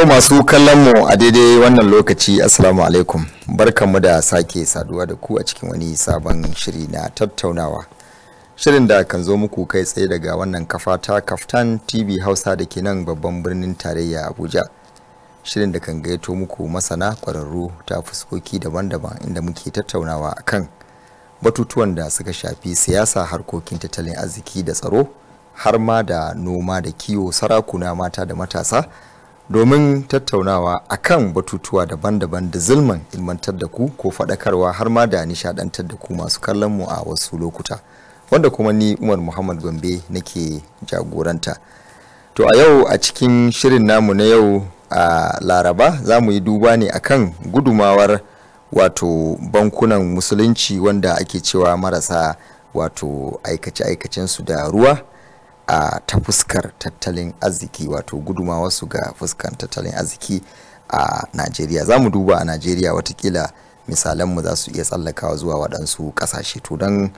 to masu kallon mu a daidai wannan lokaci assalamu alaikum barkanmu da sake saduwa da ku a cikin wani sabon shiri na tattaunawa shirin da kan zo muku kai tsaye daga wannan kafa ta kaftan tv hausa da ke nan babban birnin tarayya abuja shirin da kan gaito muku masana kwararru ta fuskoki daban-daban inda muke tattaunawa a kan batutuwan da suka shafi siyasa harkokin tattalin arziki da tsaro har ma da noma da kiwo sarakuna mata da matasa domin tattaunawa akan batutuwa daban-daban da zulman ilmantar da ku ko faɗakarwa har ma da nishadantar da ku masu kallon mu a wasu lokuta wanda kuma ni umar muhammad gombe nake jagoranta to a yau a cikin shirin namu na yau a laraba za mu yi duba ne akan gudumawar wato bankunan musulunci wanda ake cewa marasa wato aikace-aikacensu da ruwa a ta fuskar tattalin arziki wato gudumawa su ga fuskar tattalin arziki a najeriya za mu duba a najeriya watakila misalanmu za su iya tsallakawa zuwa waɗansu ƙasashe to don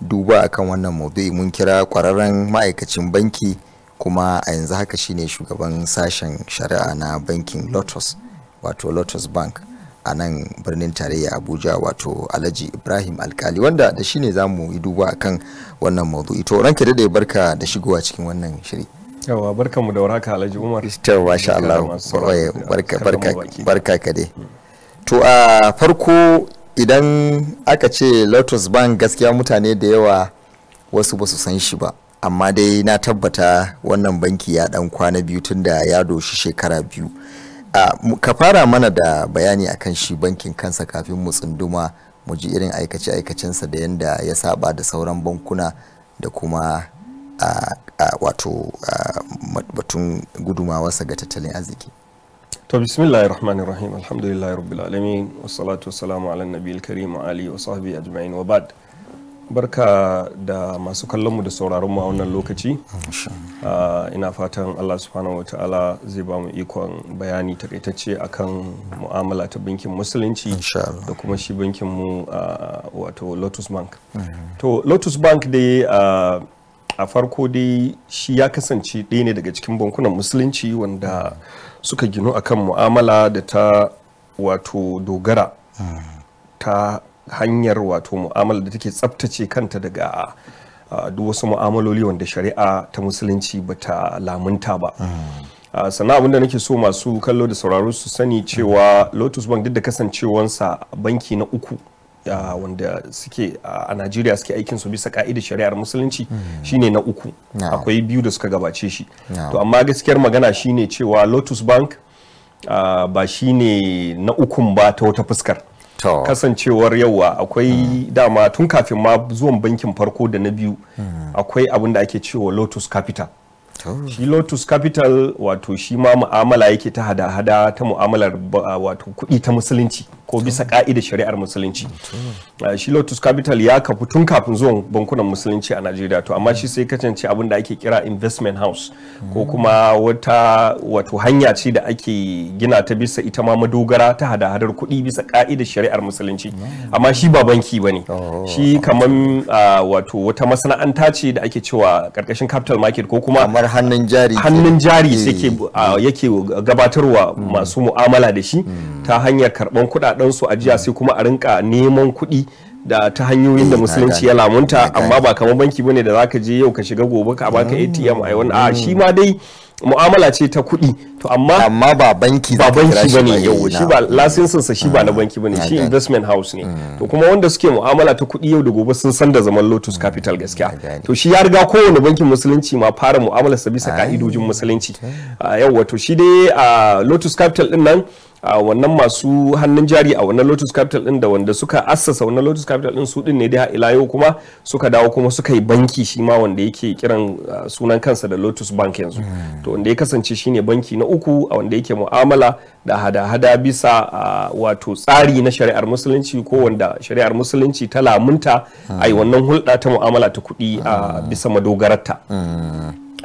duba akan wannan maudu'i mun kira ƙwararren ma'aikacin banki kuma a yanzu haka shine shugaban sashen shari'a na bankin lotus wato lotus bank a nan birnin tarayya abuja wato alhaji ibrahim alkali wanda da shi ne za mu yi duba akan wannan mazu ito ranke da barka da shigowa cikin wannan shiri yawa barka mu da warhaka alhaji umar wa sha Allah barka ka dai hmm. to a farko idan aka ce lotus bank gaskiya mutane da yawa wasu ba su san shi ba amma dai na tabbata wannan banki ya dan kwana biyu tun da ya doshi shekara biyu ka fara mana da bayani akan shi bankin kansa kafin mu tsunduma mu ji irin aikace-aikacensa da yadda ya saba da sauran bankuna da kuma wato batun gudumawarsa ga tattalin arziki to bismillahi rahmanir rahim alhamdulillahi rabbil alamin wassalatu wassalamu ala nabiyil karim ali wa sahbihi ajma'in wa ba'd barka da masu kallonmu da sauraronmu a wannan lokaci ah, ina fatan allah subhanahu wa ta'ala zai ba mu ikon bayani takaitacce akan mu'amala ta bankin musulunci da kuma shi bankin mu ah, wato lotus bank mm-hmm. to lotus bank dai ah, a farko dai shi ya kasance ɗaya ne daga cikin bankunan musulunci wanda suka ginu akan mu'amala da ta wato dogara mm. ta hanyar wato mu'amala da take tsabtace kanta daga duk wasu mu'amaloli wanda shari'a ta musulunci bata lamunta ba mm. sannan abinda nake so masu kallo da sauraro su sani cewa lotus bank duk da kasancewansa banki na uku wanda suke a Najeriya suke aikin su bisa ka'idar shari'ar musulunci mm. shine na uku akwai biyu da suka gabace shi to amma gaskiyar magana shine cewa Lotus Bank ba shine na ukun ba ta wata fuskar kasancewar yawa akwai hmm. dama tun kafin ma zuwan bankin farko da na biyu hmm. akwai abin da ake cewa lotus capital shi lotus capital wato shi ma mu'amala yake ta hada-hada ta mu'amalar wato kuɗi ta musulunci ko bisa ka'idar shari'ar musulunci ah, shi lotus capital ya kafu tun kafin zuwan bankunan musulunci a najeriya to amma shi sai kasance abin da ake kira investment house ko kuma wata wato hanya ce da ake gina ta bisa ita ma madogara ta hada-hadar kuɗi bisa ka'idar shari'ar musulunci amma shi ba banki ba ne oh. shi kamar ah, wato wata masana'anta ce da ake cewa karkashin capital market ko kuma kamar hannun jari hannun jari eh. ah, yake gabatarwa masu mu'amala da shi ta hanyar karɓan kuɗaɗen su ajiya hmm. sai kuma a rinka neman kuɗi da ta hanyoyin da hmm. musulunci ya lamunta amma ba kamar banki bane da zaka je yau ka shiga gobe ka baka ATM hmm. ai wani a shi ma dai mu'amala ce ta kuɗi to amma amma ba banki ba banki bane yau shi ba lasinsin sa shi ba na banki bane shi investment house ne to kuma wanda suke mu'amala ta kuɗi yau da gobe sun san da zaman Lotus Capital gaskiya to shi ya riga kowane bankin musulunci ma fara mu'amala sa bisa ka'idojin musulunci ah, yau wato shi dai a ah, Lotus Capital din nan a wannan masu hannun jari a wannan lotus capital din da wanda suka assasa wannan lotus capital din su din ne da ila yau kuma suka dawo kuma suka yi banki shi ma wanda yake kiran sunan kansa da lotus bank yanzu hmm. to wanda ya kasance shine banki na uku a wanda yake mu'amala da hada-hada bisa wato tsari na shari'ar musulunci ko wanda shari'ar musulunci ta lamunta hmm. a yi wannan hulɗa ta mu'amala ta kuɗi a hmm. bisa madogararta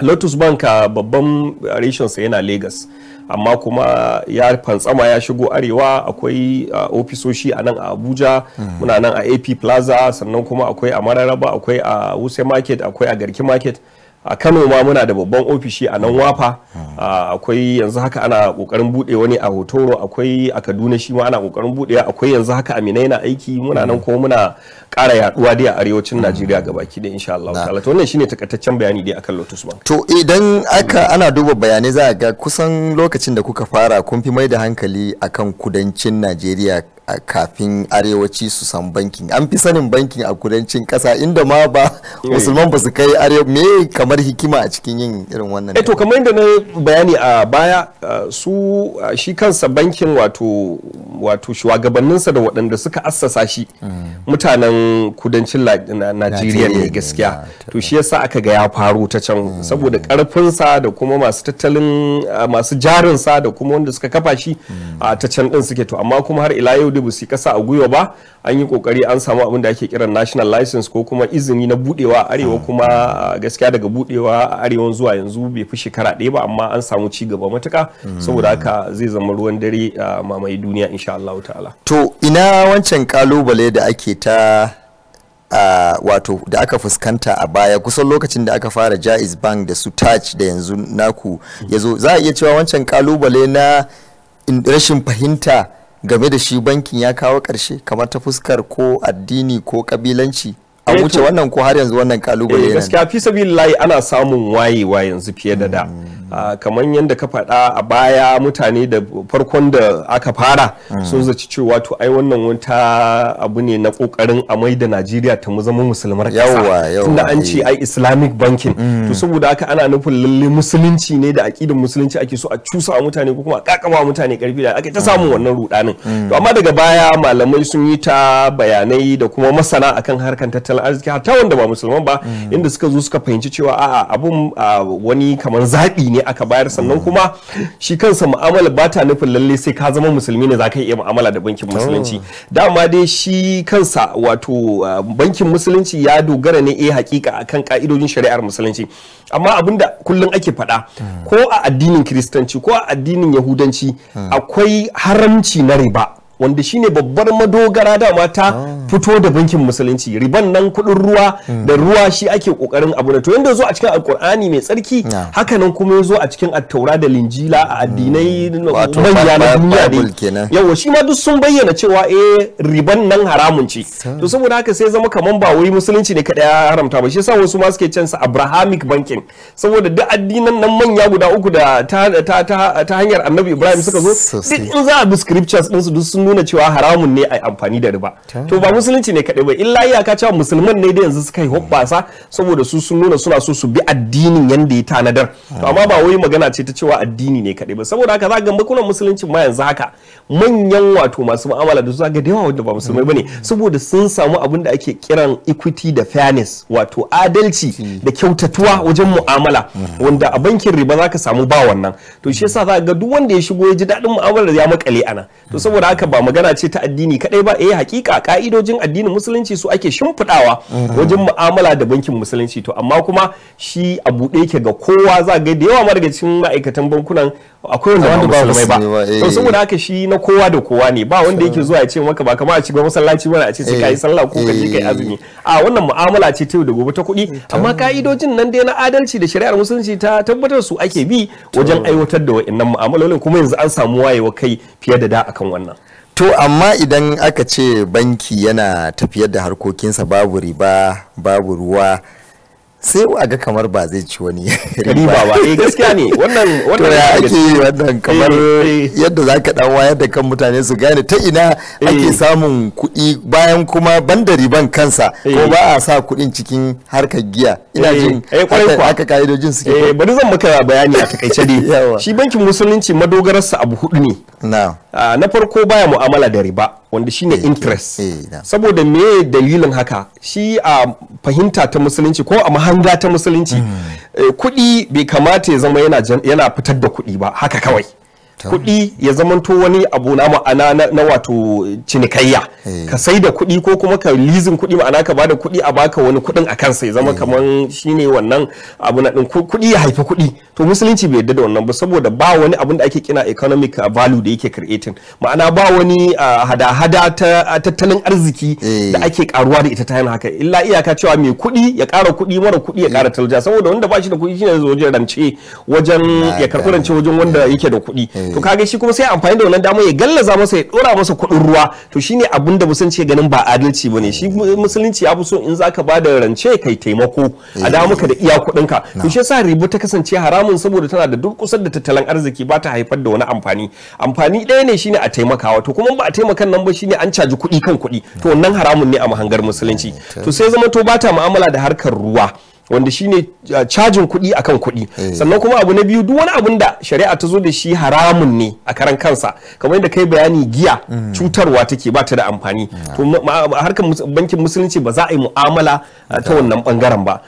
lotus bank babban reshensa yana lagos amma kuma ya fantsama ya shigo arewa akwai uh, ofisoshi a nan a abuja hmm. muna nan a ap plaza sannan kuma akwai a mararaba akwai a wuse market akwai a garki market a kano ma muna da babban ofishi a nan wafa akwai yanzu haka ana kokarin bude wani a hotoro akwai a kaduna shi ma ana kokarin bude akwai yanzu haka amina yana aiki muna nan kuma muna kara yaduwa dai a arewacin najeriya gabaki da insha Allah ta'ala to wannan shine takaitaccen bayani dai akan lotus bank to idan aka ana duba bayanai za a ga kusan lokacin da kuka fara kun fi mai da hankali akan kudancin najeriya kafin arewaci su san bankin an fi sanin bankin a kudancin kasa inda ma ba eh. musulman ba su kai arewa me kamar hikima a cikin yin irin wannan eto eh kamar inda na bayani a baya su shi kansa bankin wato wato shugabanninsa da waɗanda suka assasa shi mm. mutanen kudancin najeriya ne gaskiya to shi yasa aka ga ya faru ta can mm. saboda karfinsa da kuma masu tattalin masu jarinsa da kuma wanda suka kafa shi mm. ta can din suke to amma kuma har ila yau da ba su kasa a gwiwa ba an yi kokari an samu abin da ake kiran national license ko kuma izini na budewa a arewa kuma gaskiya daga budewa a arewa zuwa yanzu bai fi shekara ɗaya ba amma an samu ci gaba matuka saboda haka zai zama ruwan dare a mamaye duniya insha Allah ta'ala to ina wancan kalubale da ake ta wato da aka fuskanta a baya kusan lokacin da aka fara jaiz bank da su touch da yanzu naku ya za a iya cewa wancan kalubale na rashin fahimta game da shi bankin ya kawo ƙarshe kamar ta fuskar ko addini ko kabilanci a eh wuce wannan ko har yanzu wannan kalubale eh, yana gaskiya fi sabilillahi ana samun wayewa yanzu fiye da da hmm. kamar yadda ka faɗa a baya mutane da farkon da aka fara mm. sun zaci cewa to ai wannan wata abu ne na kokarin amai da najeriya ta mu zama musulmar kasa tunda an ce eh. ai islamic banking mm. to saboda haka ana nufin lalle musulunci ne da aqidar musulunci ake so a cusa wa mutane ko kuma a kakama mutane karfi da ake ta mm. samu wannan rudanin to amma daga baya malamai sun yi ta bayanai da kuma masana akan harkar tattalin arziki har ta wanda ba musulman ba inda suka zo suka fahimci cewa a'a abun wani kamar zaɓi ne aka bayar sannan kuma shi kansa mu'amala ba ta nufin lalle sai ka zama musulmi ne za ka iya mu'amala da bankin musulunci oh. dama dai shi kansa wato uh, bankin musulunci ya dogara ne eh hakika akan ka'idojin shari'ar musulunci amma abinda kullum ake faɗa hmm. ko a addinin kiristanci ko a addinin yahudanci hmm. akwai haramci na riba wanda shine babbar madogara dama ta ah. fito da bankin musulunci riban nan kudin ruwa hmm. da ruwa shi ake kokarin abu da to yanda zo a cikin alkur'ani mai tsarki ah. haka nan kuma zo a cikin attaura da linjila a addinai hmm. manya na duniya ne yawa shi ma duk sun bayyana cewa eh riban nan haramun ce to saboda haka sai zama kaman ba wai musulunci ne kada ya haramta ba shi yasa wasu ma suke sa abrahamic banking saboda duk addinan nan manya guda uku da ta hanyar annabi ibrahim suka zo duk in za a bi scriptures din su duk sun sun nuna cewa haramun ne a amfani da riba to ba musulunci ne kaɗai ba illa iyaka cewa musulman ne da yanzu suka yi hoɓɓasa saboda su sun nuna suna so su bi addinin yanda ya tanadar to ah. amma ba wai magana ce ta cewa addini ne kaɗai ba saboda haka za ga makunan musulunci ma yanzu haka manyan wato masu mu'amala da su za ga da yawa wanda ba musulmai bane hmm. saboda sun samu abin da ake kiran equity da fairness wato adalci hmm. da kyautatuwa wajen mu'amala hmm. wanda a bankin riba za ka samu ba wannan to shi yasa za ga duk wanda ya shigo ya ji daɗin mu'amalar ya makale ana to saboda haka ba magana ce ta addini kadai ba eh hakika ka'idojin addinin musulunci su ake shimfidawa wajen mu'amala da bankin musulunci to amma kuma shi a buɗe yake ga kowa za ga da yawa ma daga cikin ma'aikatan bankunan akwai wanda wanda ba musulmai ba to eh. saboda haka shi na kowa da kowa ne ba wanda yake zuwa ya ce maka ba kamar a ci ba masallaci ba a ce sai kai eh, sallah ko ka kai eh. azumi a wannan mu'amala ce ta da gobe ta kuɗi amma ka'idojin nan dai na adalci da shari'ar musulunci ta tabbatar su ake bi wajen aiwatar da wa'annan mu'amalolin kuma yanzu an samu wayewa kai fiye da da akan wannan to amma idan aka ce banki yana tafiyar da harkokinsa babu riba babu ruwa sai a ga kamar ba zai ci wani riba ba eh gaskiya ne wannan wannan ya ake wannan kamar eh, eh. yadda za ka dan wayar da kan mutane su gane ta ina eh. ake samun kuɗi bayan kuma banda riban kansa ko ba a sa kuɗin cikin harkar giya ina jin haka ka'idojin suke eh bari zan maka bayani a takaice dai shi bankin musulunci madogararsa abu hudu ne na ah, farko baya mu'amala da riba wanda shine eh, interest eh, eh, saboda me dalilin haka shi a fahimta ta musulunci ko a mahanga ta musulunci hmm. kuɗi bai kamata ya zama yana fitar da kuɗi ba haka kawai kuɗi ya zamanto wani abu na ma'ana na wato cinikayya eh. ka sai da kuɗi ko kuma ka leasing kuɗi ma'ana ka bada kuɗi a baka wani kuɗin a kansa ya zama eh. kaman shine wannan abu na ɗin kuɗi ya haifi kuɗi to musulunci bai yarda da wannan ba saboda ba wani abin da ake kina economic uh, value da yake creating ma'ana ba wani uh, hada-hada ta uh, tattalin arziki eh. da ake karuwa da ita ta yin haka illa iyaka cewa mai kuɗi ya ƙara kuɗi mara kuɗi ya ƙara talja saboda wanda ba shi da kuɗi shine zai wajen rance wajen ya karɓi rance wajen wanda yake da kuɗi Eh. to kage shi kuma sai amfani da wannan dama ya gallaza masa ya dora masa kuɗin ruwa to shine abin da musulunci ganin ba adalci bane shi musulunci ya fi so in zaka ba da rance kai taimako a da muka da iya kuɗin ka to shi yasa ribu ta kasance haramun saboda tana da duk kusa da tattalin arziki ba ta haifar da wani amfani amfani ɗaya ne shine a taimakawa to kuma ba a taimakan nan ba shine an caji kuɗi kan kuɗi to wannan haramun ne a mahangar musulunci to sai zama to ba ta mu'amala da harkar ruwa wanda shine uh, cajin kuɗi akan kuɗi eh. sannan kuma abu na biyu duk wani abun da shari'a ta zo da shi haramun ne a karan kansa kamar yadda kai bayani giya mm. cutarwa take ba ta da amfani mm. to harkar bankin musulunci ba za a yi mu'amala uh, ta wannan bangaren ba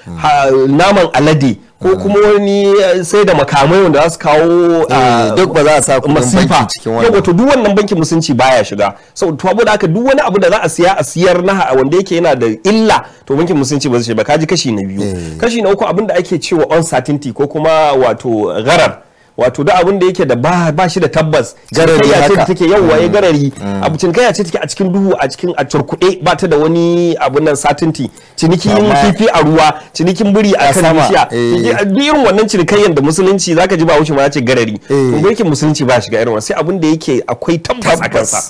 naman alade ko kuma wani eh, sai da makamai wanda za su kawo eh, ah, duk ba za cikin wannan duk wannan bankin musunci baya shiga sau to da aka duk wani abu da za a siya a siyar na wanda yake yana da illa to bankin musunci ba zai shiga kaji kashi na biyu eh. kashi na uku abin da ake cewa uncertainty ko kuma wato gharar wato da abin da yake da ba shi da tabbas garari haka take yawwa ya eh, mm. garari mm. abu cinikaya ce take a cikin duhu a cikin a curkuɗe ba ta da wani abun nan satinti cinikin kifi a ruwa cinikin biri a kan bishiya eh. duk irin wannan cinikayyan da musulunci zaka ji ba wuce ma ce garari eh. kuma yake musulunci ba shiga irin sai abun da yake akwai tabbas a kansa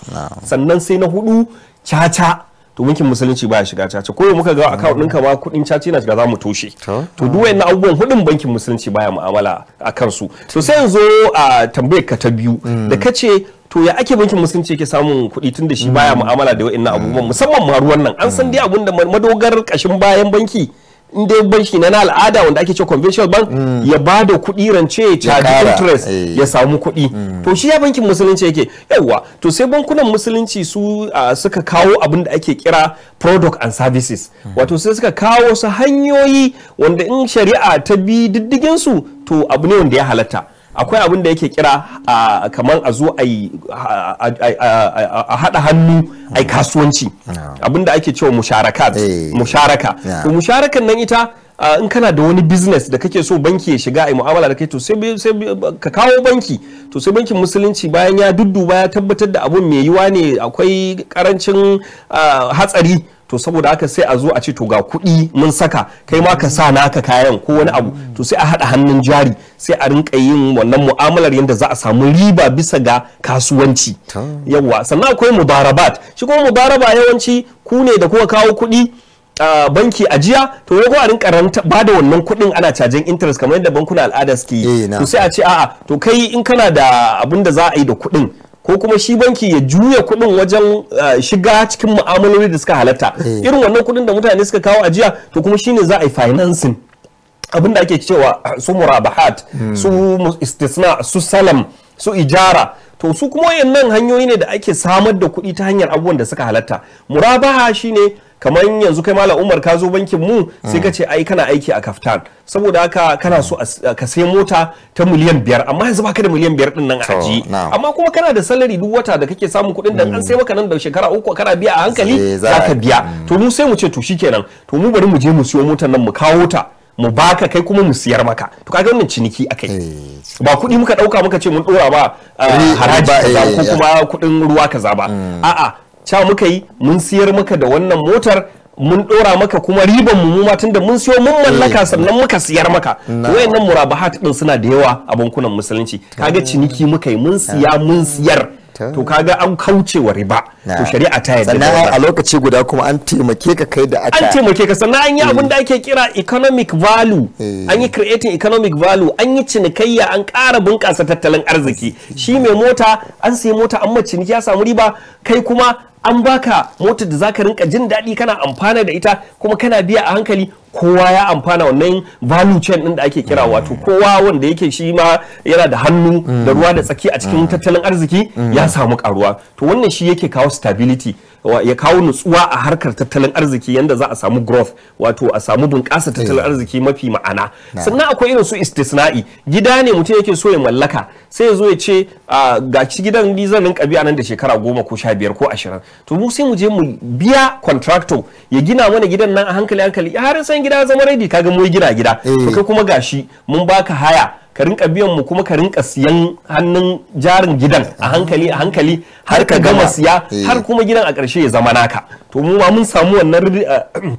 sannan sai na hudu caca to bankin musulunci baya shiga caca ko muka ga account mm. ɗinka ma kuɗin caca yana shiga za mu toshe to duk wayannan abubuwan hudun bankin musulunci baya mu'amala a kansu to sai zo a tambayar ka ta biyu mm. da kace to ya ake bankin musulunci yake samun kuɗi tun da shi baya mm. mu'amala da wayannan abubuwan musamman ma ruwan nan an san dai abun da madogar kashin bayan banki in dai banki na na al'ada wanda ake ce conventional bank mm. ya ba da kuɗi rance ya charge interest eh. ya samu kuɗi mm. to shi ya bankin musulunci yake yawa to sai bankunan musulunci su suka kawo abin da ake kira product and services mm. wato sai suka kawo su hanyoyi wanda in shari'a ta bi diddigin su to abu ne wanda ya halatta akwai abin da yake kira kamar a zo a haɗa hannu a mm. kasuwanci abin da ake cewa musharaka eh. musharaka to musharakan nan ita in kana da wani business da kake so banki ya shiga a mu'amala da kai to sai ka kawo banki to sai bankin musulunci bayan ya dudduba ya tabbatar da abun mai yiwa ne akwai karancin hatsari to saboda haka sai a zo a ce to ga kuɗi mun saka kai ma ka sa naka kayan ko wani abu to sai a haɗa hannun jari sai a rinka yin wannan mu'amalar yadda za a samu riba bisa ga kasuwanci Yawwa. sannan akwai mubarabat shi kuma mubaraba yawanci ku ne da kuka kawo kuɗi Uh, banki ajiya to ne ko a rinka ranta ba da wannan kuɗin ana cajin interest kamar yadda bankuna al'ada suke yi eh, to sai a ce a'a to kai in kana da abin da za a yi da kuɗin ko kuma shi banki ya juya kuɗin wajen uh, shiga cikin mu'amaloli da suka halatta eh. irin wannan kuɗin da mutane suka kawo ajiya to kuma shine za a yi financing abin da ake cewa uh, su murabahat hmm. su istisna su salam su ijara to su kuma wayannan hanyoyi ne da ake samar da kuɗi ta hanyar abubuwan da suka halatta murabaha shine kamar yanzu kai mala umar ka zo bankin mu sai ka ce ai kana aiki a kaftan saboda haka kana so ka sai mota ta miliyan biyar amma yanzu baka da miliyan biyar din nan a ajiye amma kuma kana da salari duk wata da kake samun kuɗin da an mm. sai maka nan da shekara uku kana biya a hankali eh, zaka biya mm. to mu sai mu ce to shikenan to mu bari mu je mu siyo motar nan mu kawo ta mu baka kai kuma mu siyar maka to kaga wannan ciniki akai eh. ba kuɗi muka ɗauka muka ce mun ɗora ba ah, haraji kaza ko eh, kuma kuɗin ruwa kaza ba mm. a'a ca muka yi mun siyar maka da wannan motar mun dora maka kuma riban mu ma tunda mun siyo mun mallaka eh. sannan muka siyar maka wayannan murabahat din suna da yawa a bankunan musulunci kaga ciniki muka yi mun siya mun siyar to kaga an kauce wa riba to shari'a ta yadda sannan a lokaci guda kuma an taimake ka kai da aka an taimake ka sannan an yi eh. abin da ake kira economic value eh. an yi creating economic value an yi cinikayya an ƙara bunƙasa tattalin arziki shi mai mota an sayi mota an ciniki ya samu riba kai kuma an baka motar da zaka rinka jin daɗi kana amfana da ita kuma kana biya a hankali kowa ya amfana wannan value chain din da ake kira mm. wato kowa wanda yake shi ma yana da hannu da mm. ruwa da tsaki a cikin mm. tattalin arziki ya samu karuwa to wannan shi yake kawo stability ya kawo nutsuwa a harkar tattalin arziki yanda za a samu growth wato a samu bunƙasa tattalin eh. arziki mafi ma'ana sannan akwai irin su istisna'i gida ne mutum yake so ya mallaka sai ya zo ya ce ga ci gidan ni zan rinka biya nan da shekara goma ko sha biyar ko ashirin to mu sai mu je mu biya contractor ya gina mana gidan nan a hankali hankali har san gida zama ready kaga mu gina gida eh. to kai kuma gashi mun baka haya ka rinka biyan mu kuma ka rinka siyan hannun jarin gidan a hankali a hankali har ka gama siya eh. har kuma gidan a ƙarshe ya zama naka to mu ma mun samu wannan eh,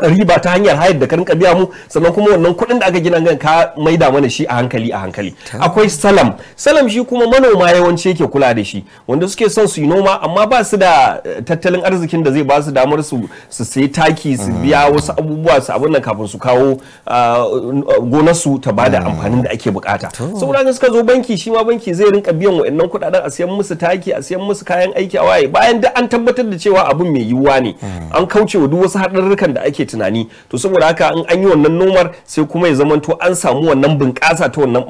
riba ta hanyar hayar da karin biya mu sannan kuma wannan kuɗin da aka gina gan ka maida mana shi a hankali a hankali akwai salam salam shi kuma manoma yawanci yake kula da shi wanda suke son su yi noma amma ba su da eh, tattalin arzikin da zai ba su damar su su sayi taki su mm. biya wasu abubuwa su abin nan kafin su kawo ah, eh, gonar su ta bada mm. amfanin da ake bukata saboda suka zo banki shi ma banki zai rinka biyan wa'annan kuɗaɗen a siyan musu taki a siyan musu kayan aiki a waye bayan da an tabbatar da cewa abin mai yiwuwa ne mm. an kauce wa duk wasu haɗarurrukan da ake ake tunani to saboda haka in an yi wannan nomar sai kuma ya zama to an samu wannan bunƙasa ta wannan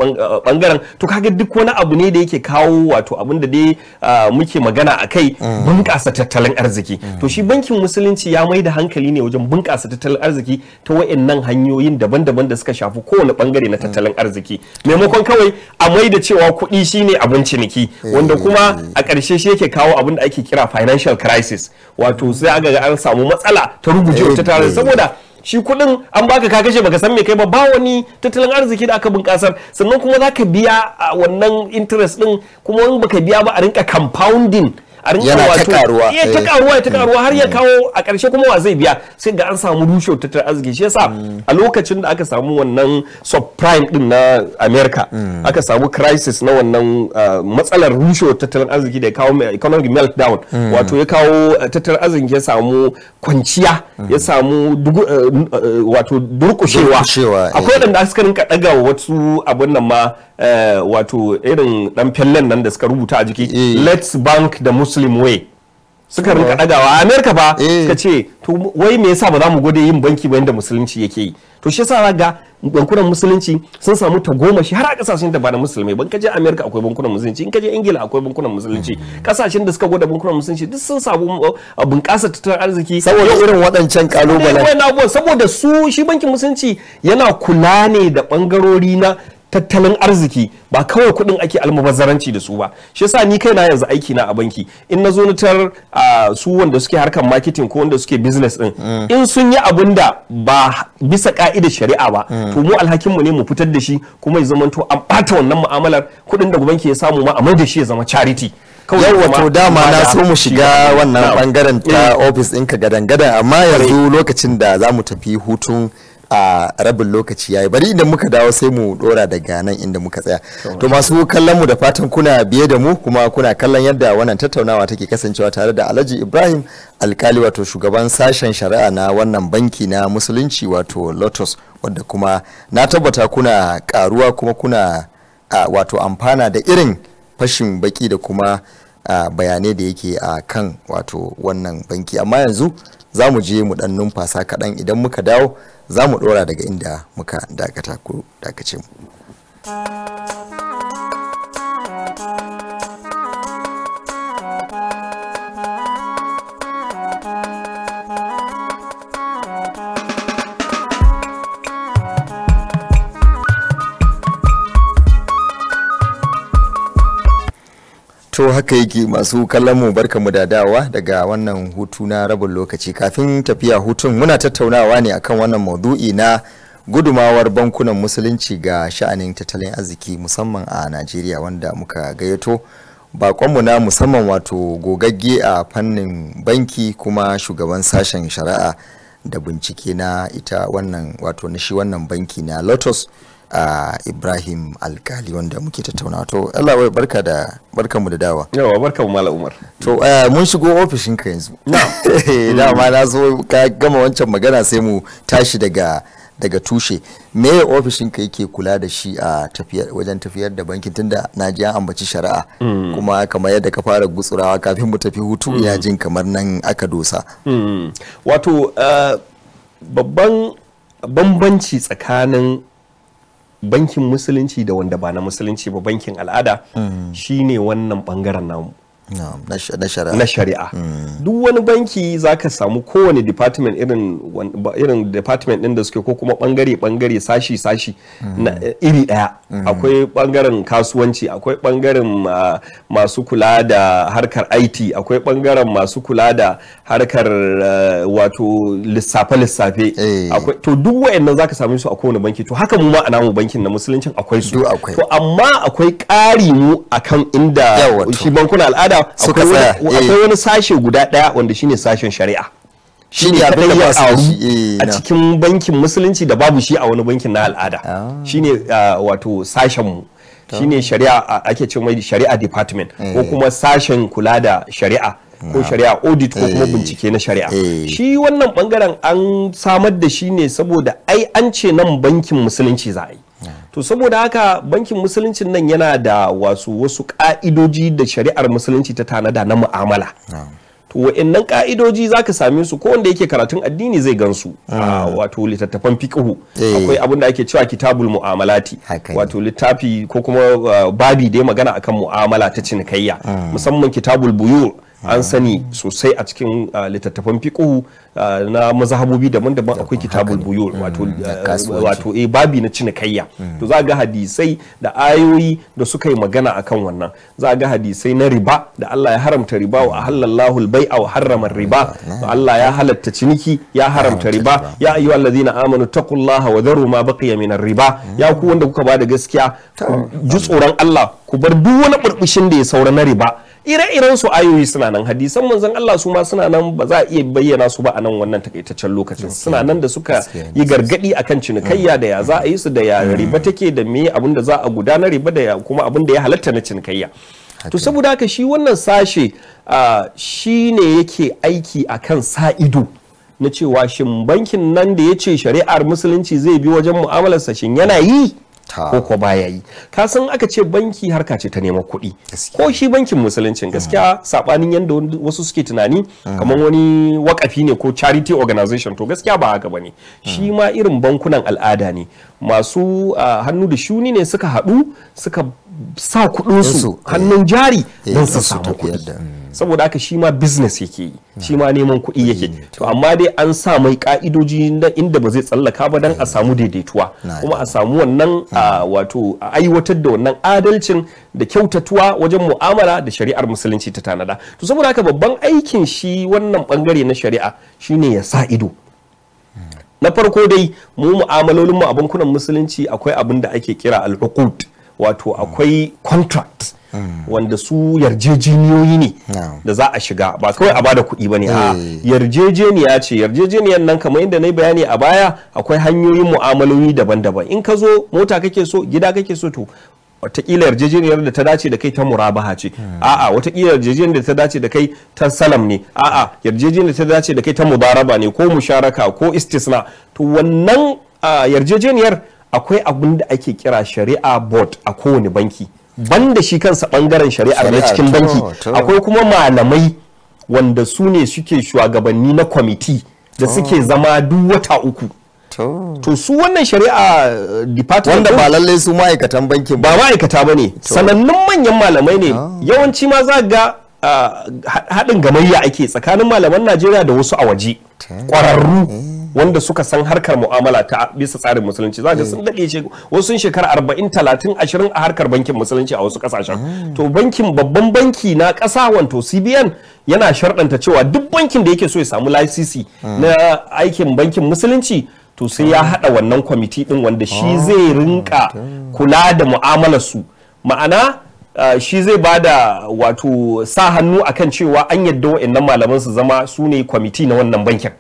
bangaren eh, to kaga duk wani abu ne da yake kawo wato abin da dai ah, muke magana a kai mm. bunƙasa tattalin arziki mm. to shi bankin musulunci ya mai da hankali ne wajen bunƙasa tattalin arziki ta wayannan hanyoyin daban-daban da suka shafi kowane bangare na mm. tattalin arziki maimakon kawai a mai da cewa kuɗi shine abin ciniki wanda kuma a eh. ƙarshe shi yake kawo abin da ake kira financial crisis wato sai aga an samu matsala ta ta tattalin eh, Mm. saboda shi kuɗin an baka ka kashe baka san me kai ba ba wani tattalin arziki da aka bunkasar sannan kuma zaka biya wannan interest din kuma wani baka biya ba a rinka compounding a rinka wato ya ta eh. karuwa ya ta karuwa har ya mm. kawo a ƙarshe kuma wa zai biya sai ga an samu rushe tattalin arziki shi yasa mm. a lokacin da aka samu wannan subprime din na America mm. aka samu crisis na wannan uh, matsalar rushe tattalin arziki da ya kawo economic meltdown wato ya kawo uh, tattalin arziki ya samu kwanciya ya samu uh, wato durkushewa eh. akwai waɗanda suka rinka ɗaga wasu abin nan ma wato irin ɗan fellen nan da suka rubuta a jiki eh. let's bank da musu. muslim way suka rinka ɗagawa a amerika ba eh. suka ce to wai me yasa ba za mu gode yin banki ba yadda musulunci yake yi to shi yasa ga bankunan musulunci sun samu tagomashi har a kasashen da ba na musulmai ban kaje amerika akwai bankunan musulunci in kaje ingila akwai bankunan musulunci kasashen da suka gwada bankunan musulunci duk sun samu uh, bunƙasa tattalin arziki saboda irin waɗancan kalubalen saboda su shi bankin musulunci yana kula ne da ɓangarori na tattalin arziki ba kawai kuɗin ake almubazzaranci da su ba shi yasa ni na yanzu aiki na a banki in na zo nitar su wanda suke harkar marketing ko wanda suke business din mm. in sun yi abun da ba bisa ka'ida shari'a ba mm. to mu alhakinmu ne mu fitar da shi kuma ya zamanto an ɓata wannan mu'amalar kuɗin da banki ya samu ma a da shi ya zama charity yau wato dama na so mu shiga wannan bangaren ta eh. office ɗinka gadan-gadan amma yanzu lokacin da za mu tafi hutun a rabin lokaci yayi bari idan muka dawo sai mu dora daga nan inda muka tsaya to masu kallon mu da fatan kuna biye da mu kuma kuna kallon yadda wannan tattaunawa take kasancewa tare da Alhaji Ibrahim alkali wato shugaban sashen shari'a na wannan banki na musulunci wato Lotus wadda kuma na tabbata kuna karuwa kuma kuna wato amfana da irin fashin baki da kuma bayanai da yake a kan wato wannan banki amma yanzu za mu je mu dan numfasa kaɗan idan muka dawo za mu ɗora daga inda muka dakata ko dakace mu. so haka yake masu kallon mu barka mu da dawa daga wannan hutu na rabin lokaci kafin tafiya hutun muna tattaunawa ne akan wannan maudu'i na gudumawar bankunan musulunci ga sha'anin tattalin arziki musamman a najeriya wanda muka gayyato bakonmu na musamman wato gogagge a fannin banki kuma shugaban sashen shari'a da bincike na ita wannan wato na shi wannan banki na lotus uh, ibrahim alkali wanda muke tattauna to allah wai barka da barka mu da dawa yawa barka mu malam umar to uh, mun shigo ofishin ka yanzu eh, dama na zo ka gama wancan magana sai mu tashi daga daga tushe me ofishin ka yake kula da shi a tafiyar wajen tafiyar da bankin tunda na ji an ambaci shari'a mm. kuma kamar yadda ka fara gutsurawa kafin mu tafi hutu ya mm. jin kamar nan aka dosa mm. wato eh, babban bambanci tsakanin bankin musulunci da wanda ba na musulunci ba bankin al'ada hmm. Shi ne wannan bangaren namu na shari'a mm. duk wani banki za ka samu kowane department irin department din da suke ko kuma bangare bangare sashi sashi mm. na eh, iri daya mm. akwai bangaren kasuwanci akwai bangaren ah, masu kula da harkar IT akwai bangaren masu kula da harkar eh, wato lissafe lissafe eh. akwai to duk wayannan za ka samu su a kowane banki to haka mu ma a namu bankin na musuluncin akwai su to amma akwai ƙari mu akan inda shi bankuna al'ada Eh. akwai wani sashe guda daya wanda shine sashen shari'a shi ne eh, ya a cikin bankin musulunci da babu shi a wani bankin na al'ada ah. shi ne ah, wato sashen mu shi ne shari'a ake ce mai shari'a department ko eh. kuma sashen kula da shari'a ko shari'a audit ko kuma eh, bincike na shari'a eh. shi wannan bangaren an samar da shi ne saboda ai an ce nan bankin musulunci za a yi to saboda haka bankin musuluncin nan yana da wasu wasu ka'idoji da shari'ar musulunci ta tanada na mu'amala to wa'annan ka'idoji za ka same su ko wanda yake karatun addini zai gansu ah. wato littattafan fiqhu eh. akwai abin da ake cewa kitabul mu'amalati wato littafi ko kuma ah, babi da ya magana akan mu'amala ta cinikayya ah. musamman kitabul buyu an sani sosai a cikin uh, littattafan fiƙo uh, na mazhabobi daban-daban akwai kitabul buyo mm, wato e eh babi na cinikayya mm. to za ga hadisai da ayoyi da suka yi magana akan wannan za ga hadisai na riba da Allah ya haramta riba wa halallahu al a wa harrama riba mm. Allah ya halatta ciniki ya haramta riba ya ayyuhallazina amanu taqullaha wa dharu ma baqiya minar riba ya ku wanda kuka bada gaskiya ji tsoron Allah ku bar duk wani burbushin da ya saura na riba ire-iren su ayoyi suna nan hadisan manzon Allah su ma suna nan ba za a iya bayyana su ba a nan wannan takaitaccen lokacin suna nan da suka yi gargadi akan cinikayya da ya za a yi su da ya mm. riba take da me abin da za a gudanar riba da ya kuma abin da ya halatta na cinikayya to saboda haka shi wannan sashe shi ne yake aiki akan sa ido na cewa shin bankin nan da ya ce shari'ar musulunci zai bi wajen mu'amalarsa shin yana yi ko ko baya yi ka san aka ce banki harka ce ta nema kuɗi ko shi bankin musuluncin gaskiya sabanin yanda wasu suke tunani kamar wani wakafi ne ko charity organization to gaskiya ba haka bane shi ma irin bankunan al'ada ne masu hannu da shuni ne suka haɗu suka sa kuɗinsu hannun jari eh, don su samu kuɗi mm. saboda haka shima ma business yake yi shi neman kuɗi hmm. yake to amma dai an sa mai ka'idoji inda ba zai tsallaka ba dan a hmm. samu daidaituwa kuma a samu wannan hmm. wato a aiwatar da wannan adalcin da kyautatuwa wajen mu'amala da shari'ar musulunci ta tanada to saboda haka babban aikin shi wannan bangare na shari'a shine ya sa ido na farko dai mu mu'amalolin mu a bankunan musulunci akwai abin da ake kira al-uqud wato hmm. akwai contract hmm. wanda su yarjejeniyoyi ne da za a shiga ba kawai a bada kuɗi ba ne a eh. yarjejeniya ce yarjejeniyar nan kamar yadda na yi bayani a baya akwai hanyoyin mu'amaloli daban-daban in ka zo mota kake so gida kake so to watakila yarjejeniyar da ta dace da kai ta murabaha ce hmm. a'a watakila yarjejeniyar da ta dace da kai ta salam ne a'a yarjejeniyar da ta dace da kai ta mubaraba ne ko musharaka ko istisna to wannan ah, yarjejeniyar akwai abin da ake kira shari'a board a kowane banki banda shi kansa bangaren shari'a na cikin banki akwai kuma malamai wanda su ne suke shugabanni na kwamiti da suke zama duk wata uku to su wannan shari'a eh, department wanda ba lallai su ma'aikatan bankin ba ma'aikata ba ne sanannun manyan malamai ne ah. yawanci ma za ga eh, haɗin gamayya ake tsakanin malaman najeriya da wasu a waje ƙwararru eh. wanda suka san harkar mu'amala ta bisa tsarin musulunci za ga sun eh. dade shi wasu shekara 40 30 20 a harkar bankin musulunci a wasu kasashen to bankin babban banki na kasa wato CBN yana sharɗanta cewa duk bankin da yake so ya samu lasisi ah. na aikin bankin musulunci to sai ya ah. hada wannan kwamiti din wanda shi ah. zai rinka kula da mu'amalar su ma'ana Uh, shi zai ba da wato sa hannu akan cewa an yadda wa'annan malaman su zama su ne kwamiti na wannan bankin.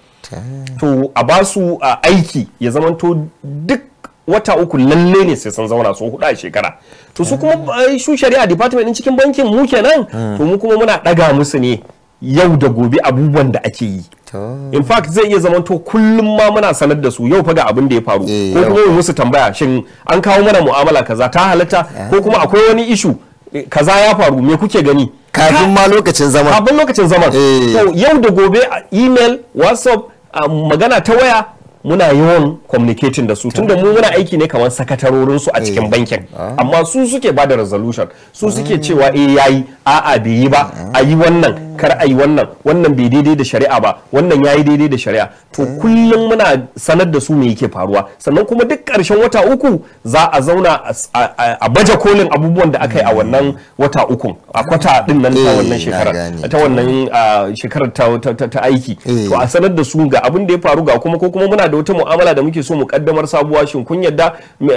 to a ba su a aiki ya zamanto duk wata uku lalle ne sai sun zauna su hudu a shekara to su kuma hmm. eh, shu shari'a department din cikin bankin mu kenan hmm. to mu kuma muna daga musu ne yau da gobe abubuwan da ake yi in fact zai iya zamanto kullum ma muna sanar da su yau fa abin da ya faru eh, ko kuma mu musu tambaya shin an kawo mana mu'amala kaza ta halatta eh. ko kuma akwai wani ishu kaza ya faru me kuke gani kafin ma lokacin zaman kafin lokacin zaman to yau da gobe email whatsapp magana ta waya muna yawan communicating da su tunda mu muna aiki ne kamar sakatarorinsu a cikin eh. bankin ah. amma su suke ba da resolution su ah. suke cewa eh yayi a'a bai yi ba a yi wannan kar a yi wannan wannan bai daidai da shari'a ba wannan ya yi daidai da shari'a to eh. kullum muna sanar da su me yake faruwa sannan kuma duk ƙarshen wata uku za a zauna a baje kolin abubuwan da aka yi a hmm. wannan wata uku a kwata din nan ta eh, wannan shekarar ta wannan shekarar ta aiki eh. to a sanar da su ga abin da ya faru ga kuma ko kuma muna da wata mu'amala da muke so mu kaddamar sabuwa shin kun yadda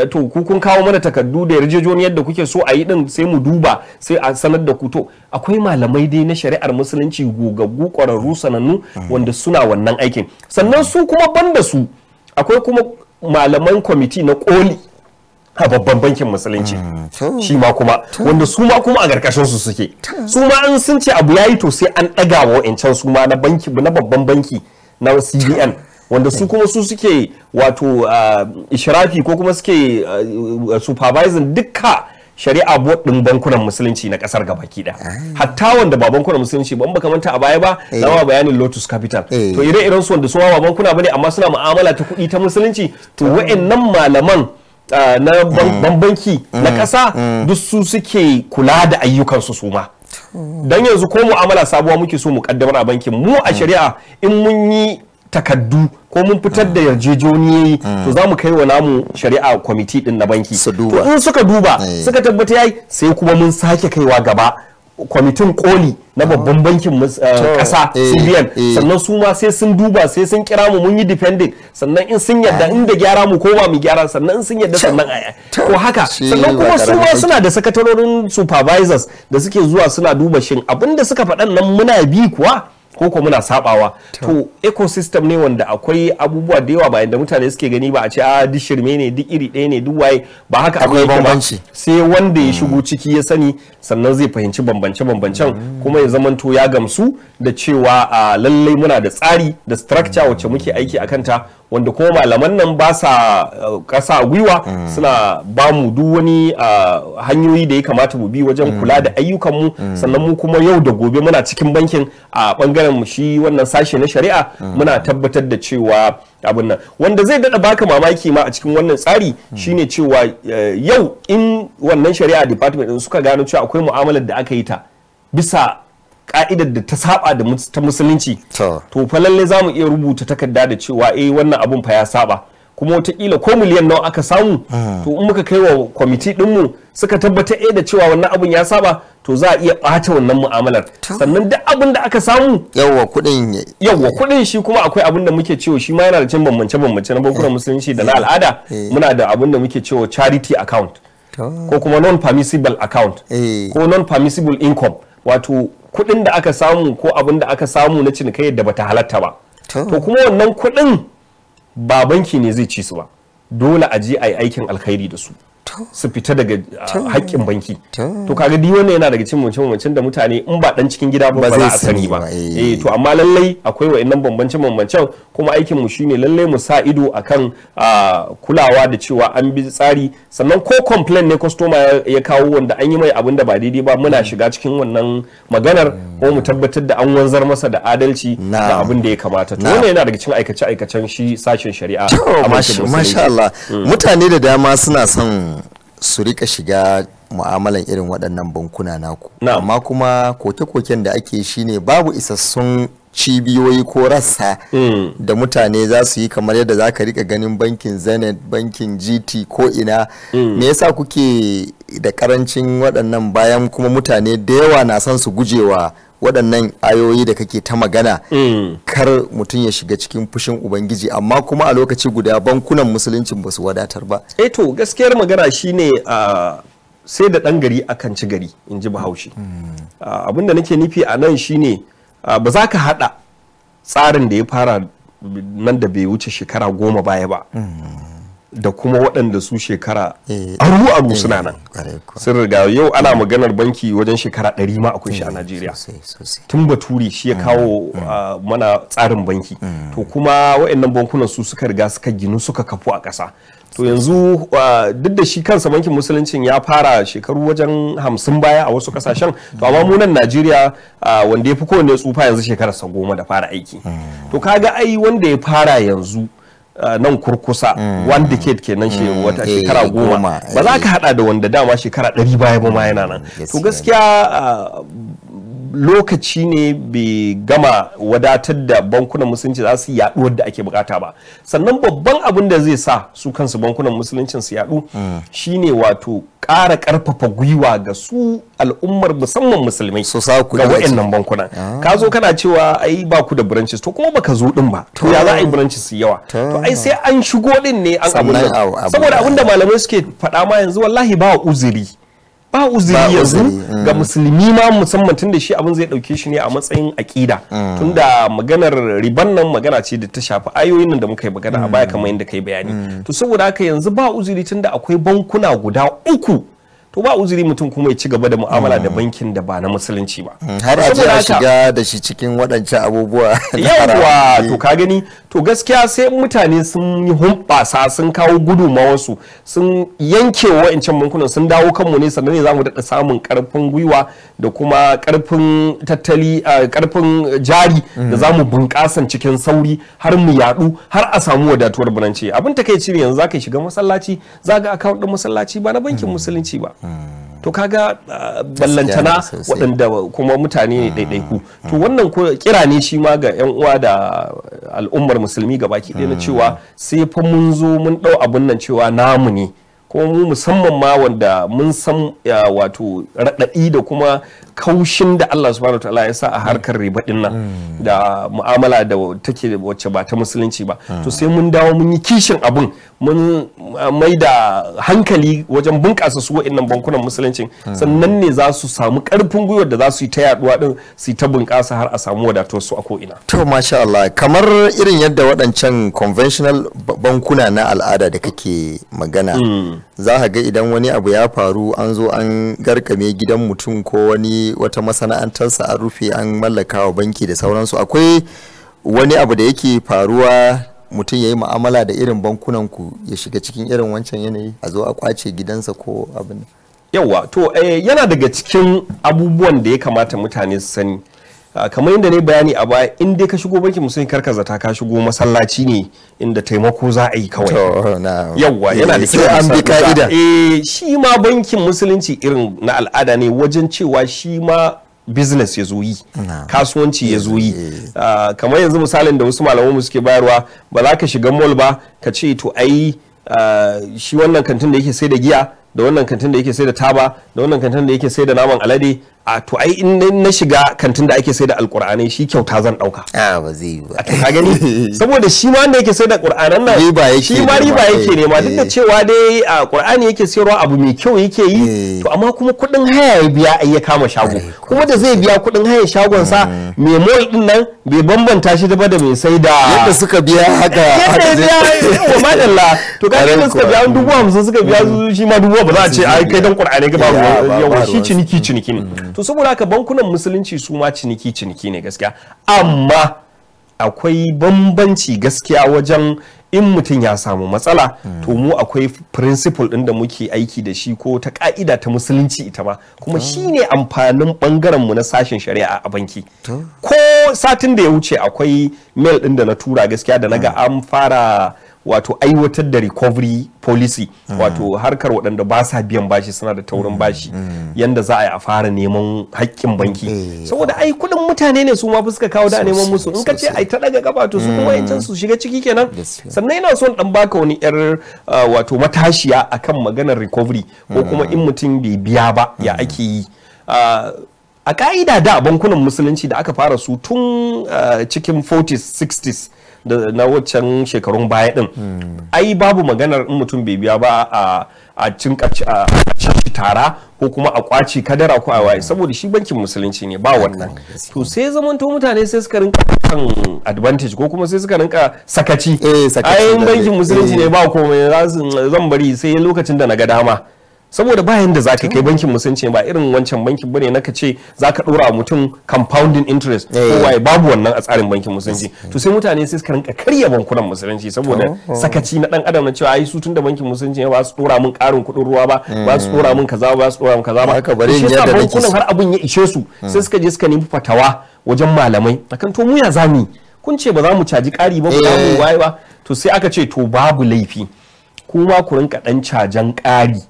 to ku kun kawo mana takardu da yarjejeniyar da kuke so a yi din sai mu duba sai a sanar da ku to akwai malamai dai na shari'ar musulunci gogaggu ƙwararru sanannu mm. wanda suna wannan aikin sannan su kuma banda su akwai kuma malaman kwamiti na koli a babban bankin musulunci mm, shi ma kuma wanda su ma kuma a ƙarƙashin su suke su ma an sun ce abu yayi to sai an ɗaga wa can. su ma na banki na babban banki na cbn wanda su kuma su suke wato ah, ishirafi ko kuma suke ah, supervising dukka shari'a board din bankunan musulunci na kasar gabaki ɗaya. Ah. hatta wanda ba bankunan musulunci ba baka a baya ba zama eh. bayanin lotus capital eh. to ire iren su wanda su ba bankuna bane amma suna mu'amala ta kuɗi ta musulunci to ah. wa'annan malaman ah, na banbanki mm. mm. na ƙasa mm. duk su suke kula da ayyukansu su ma don yanzu ko mu'amala sabuwa muke so mu kaddamar a bankin mu a shari'a in mun yi takaddu ko mun fitar da yarjejeniyoyi to za mu kai wa namu shari'a kwamiti din na banki su duba in suka duba eh. suka tabbata yayi sai kuma mun sake kaiwa gaba kwamitin koli na ah. babban bankin kasa eh, eh, cbn sannan su ma sai sun duba sai sun kira mu mun yi defending sannan in sun yadda inda gyara mu ko ba mu gyara sannan in sun yadda sannan ko haka sannan kuma su ma suna da sakatarorin supervisors da suke zuwa suna duba shin abinda suka faɗan nan muna bi kuwa ko ko muna sabawa to ecosystem ne wanda akwai abubuwa da yawa bayan da mutane suke gani ba a ce a ah, duk shirme ne duk iri ɗaya ne duk waye ba haka akwai bambanci sai wanda ya hmm. shigo ciki ya sani sannan zai fahimci bambance bambancen hmm. kuma ya zamanto ya gamsu da cewa a lallai muna da tsari da structure wacce muke hmm. aiki akan ta wanda kuma malaman nan ba sa kasa uh, gwiwa suna ba mu duk wani hanyoyi da ya kamata mu bi wajen kula da ayyukanmu sannan mu kuma yau da gobe muna cikin bankin a bangaren bangaren mu shi wannan sashe na shari'a muna tabbatar da cewa abin nan wanda zai dada baka mamaki ma a cikin wannan tsari shine cewa eh, yau in wannan shari'a department din suka gano cewa akwai mu'amalar da aka yi ta bisa ka'idar da ta saba da ta musulunci to fa lalle za mu iya rubuta takarda da cewa eh wannan abun fa ya saba kuma watakila ko miliyan nawa aka samu ah. to in muka kai wa kwamiti dinmu suka tabbatar eh, da cewa wannan abun ya saba to za a iya bata wannan mu'amalar sannan duk abin da aka samu yawwa kuɗin yawwa kuɗin shi kuma akwai abin da muke cewa shi ma yana da cin bambance bambance na bankunan eh. musulunci da na eh. al'ada muna da abin da muke cewa charity account ko kuma non permissible account ko non permissible income wato kuɗin da aka samu ko abun da aka samu na cinikayyar da bata halatta ba to kuma wannan kuɗin ba banki ne zai ci su ba dole a je a yi aikin alkhairi da su su fita daga ah, haƙƙin banki to kaga duk wannan yana daga cikin bambance da mutane in ba dan cikin gida ba za a sani ba eh. eh to amma lallai akwai inan bambance bambancen kuma aikin mu shine lallai mu sa ido akan ah, kulawa da cewa an bi tsari sannan ko complain ne customer ya kawo wanda an yi mai abin da ba daidai ba muna mm. shiga cikin wannan maganar mm. ko mu tabbatar da an wanzar masa da adalci da abin da ya kamata to wannan yana daga cikin aikace aikacen shi sashen shari'a masha Allah mm. mutane da dama suna son su rika shiga mu'amalan irin waɗannan bankuna naku amma kuma koke-koken da ake shi ne babu isassun cibiyoyi ko rassa hmm. da mutane za su yi kamar yadda za ka rika ganin bankin zenith bankin gt ko ina hmm. me yasa kuke da karancin waɗannan bayan kuma mutane da yawa na son su gujewa waɗannan ayoyi da kake ta magana mm. kar mutum ya shiga cikin fushin ubangiji amma kuma a lokaci guda bankunan musuluncin ba su wadatar ba eh to gaskiyar magana shine a ah, sai da ɗan gari akan ci gari in ji bahaushe mm. ah, abinda nake nufi a nan shine ah, ba za ka haɗa tsarin da ya fara nan da bai wuce shekara goma baya ba mm. da kuma waɗanda su shekara eh. aru aru suna eh, nan sun riga yau ana maganar banki wajen shekara ɗari ma akwai shi a eh, najeriya tun baturi shi ya mm, kawo mm. Ah, mana tsarin banki mm. to kuma waɗannan bankunan su suka riga suka ginu suka kafu a ƙasa to yanzu ah, duk da shi kansa bankin musuluncin ya fara shekaru wajen hamsin baya a wasu kasashen to amma munan najeriya ah, wanda ya fi kowane tsufa yanzu shekararsa goma da fara aiki to kaga ai wanda ya fara yanzu nan kurkusa mm. one decade kenan shi mm. wata eh, shekara eh, goma ba za ka eh. hada da wanda dama shekara ɗari baya ba ma yana nan mm, to gaskiya lokaci ne bai gama wadatar da bankunan musulunci za su yaɗu wadda ake bukata ba sannan babban abin da zai sa su kansu bankunan musulunci su yaɗu hmm. shine wato ƙara ƙarfafa gwiwa ga su al'ummar musamman musulmai ga wa'annan bankuna ah. ka zo kana cewa ai ba ku da branches to kuma baka zo din ba to ya za a yi branches su yawa to ai sai an shigo din ne an abun saboda abin da malamai suke faɗa ma yanzu wallahi ba uzuri ba uzuri yanzu mm. ga musulmi ma musamman tunda shi abin zai dauke shi ne a matsayin akida mm. tunda maganar riban nan magana ce da ta shafi ayoyin nan da muka yi magana a baya mm. kamar yadda kai bayani to saboda haka yanzu ba uzuri tunda akwai bankuna guda uku to ba uzuri mutum kuma ya ci gaba da mu'amala da bankin da ba na musulunci ba har a shiga da shi cikin waɗancan abubuwa yawwa to ka gani to gaskiya sai mutane sun yi humbasa sun kawo gudu ma wasu sun yanke wa'ancan bankunan sun dawo kanmu ne sannan ne za mu daɗa samun ƙarfin gwiwa da kuma ƙarfin tattali karfin jari da za mu mm. bunƙasan cikin sauri har mu yaɗu har a samu wadatuwar baranci abin takai ne yanzu za ka shiga masallaci za ga akawun ɗin masallaci ba na bankin mm. musulunci ba mm. to kaga ah, ballantana waɗanda kuma mutane ne ɗaiɗaiku to mm. wannan kira ne shi ma ga 'yan uwa da al'ummar musulmi gabaki ɗaya na mm. cewa sai fa mun zo mun ɗau abun nan cewa namu ne ko mu musamman ma wanda mun san wato raɗaɗi da kuma kaushin da Allah subhanahu ta'ala ya sa a harkar riba din nan da mu'amala da take wacce ba ta musulunci ba to sai mun dawo mun yi kishin abun mun mai da hankali wajen bunƙasa su wa'annan bankunan musulunci. sannan ne za su samu ƙarfin gwiwar da za su yi ta yaduwa din su ta bunƙasa har a samu wadatuwar su a ko'ina to masha Allah kamar irin yadda waɗancan conventional bankuna na al'ada da kake magana mm. za a ga idan wani abu ya faru an zo an garkame gidan mutum ko wani wata masana'antarsa an rufe an mallaka wa banki da sauransu akwai wani abu da yake faruwa mutum ya yi mu'amala da irin bankunan ku ya shiga cikin irin wancan yanayi a zo a kwace gidansa ko abin yawa to eh, yana daga cikin abubuwan da ya kamata mutane su sani Ah, kamar yadda ne bayani a baya in dai ka shigo bankin musulmi karka zata ka shigo masallaci ne inda taimako za a yi kawai yawwa yana da eh, kyau an bi ka'ida eh shi ma bankin musulunci irin na al'ada ne wajen cewa shi ma business ya zo yi kasuwanci ya zo yi eh. ah, kamar yanzu misalin da wasu mu suke bayarwa ba za ka shiga mall ba ka ce to ai ah, shi wannan kantin da yake sai da giya da wannan kantin da yake sai da taba da wannan kantin da yake sai da naman alade a to ai in na shiga kantin da ake sai da alkur'anai shi kyauta zan dauka a ba zai yi ba ka gani saboda shi ma wanda yake sai da qur'anan nan shi ma riba yake ma. duk da eh. cewa dai a qur'ani yake sayarwa abu mai kyau yake yi eh. to amma kuma kudin haya ya biya ai ya kama shago kuma da zai biya kudin haya shagon sa mm. mai mall din nan bai bambanta shi da da mai sai da yadda suka biya haka yadda biya wa madalla to ga yadda suka biya dubu hamsin suka biya mm. shi ma dubu ba za a ce ai kai dan qur'ani ga ba shi ciniki ciniki ne mm. to saboda haka bankunan musulunci su ma ciniki ciniki ne gaskiya amma akwai bambanci gaskiya wajen in mutum ya samu matsala to mu akwai principle din da muke aiki da shi ko ta ka'ida ta musulunci ita ma kuma shi ne amfanin mu na sashen shari'a a banki ko satin da ya wuce akwai mail din da na tura gaskiya da naga ga hmm. an fara wato aiwatar da recovery policy hmm. wato harkar waɗanda ba sa biyan bashi suna da taurin hmm. bashi hmm. yanda za a yi a fara neman haƙƙin banki eh. saboda ai kuɗin mutane ne su ma fuska kawo da neman musu in ka ce ai ta daga gaba to su kuma su shiga ciki kenan sannan ina son dan baka wani yar ah, wato matashiya akan maganar recovery ko kuma in mutum bai biya ba ya ake yi ah, a ka'ida da bankunan musulunci da aka fara su tun ah, cikin 40s 60s na waccan shekarun baya din ai babu maganar in mutum bai biya ba a a cinkaci tara ko kuma a kwaci kadara ko a waye saboda shi bankin musulunci ne ba wannan mm, to sai zamanto mutane sai suka rinka kan advantage ko kuma sai suka rinka sakaci eh, ai bankin musulunci ne eh. ba komai zan bari sai lokacin da na ga dama saboda ba yanda za ka kai bankin musulunci ba irin wancan bankin bane na ka ce za ka dora mutum compounding interest eh. ko waye babu wannan a tsarin bankin musulunci to sai mutane sai suka rinka karya bankunan musulunci saboda oh, oh. sakaci na dan adam na cewa ai su tunda bankin musulunci ba su dora mun karin kudin ruwa ba ba su dora mun kaza ba su dora mun kaza ba haka bare yadda bankunan har abun ya ishe su hmm. sai suka je suka nemi fatawa wajen malamai akan to mu ya zani? kun ce ba za mu caji kari ba ba mu eh. waye ba to sai aka ce to babu laifi kuma ku rinka dan cajan kari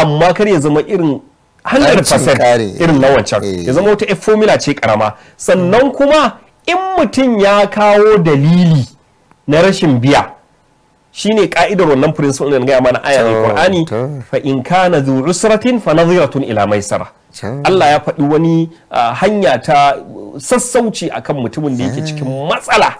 amma kar ya zama irin kare. irin na wancan eh. ya zama wata f formula ce karama sannan kuma in mutum ya kawo dalili na rashin biya Shi ne ka'idar wannan principle din gaya mana aya alqur'ani fa in kana dhu usratin fa nadhiratun ila maisara Allah ya faɗi wani hanya ta sassauci akan mutumin da yake cikin matsala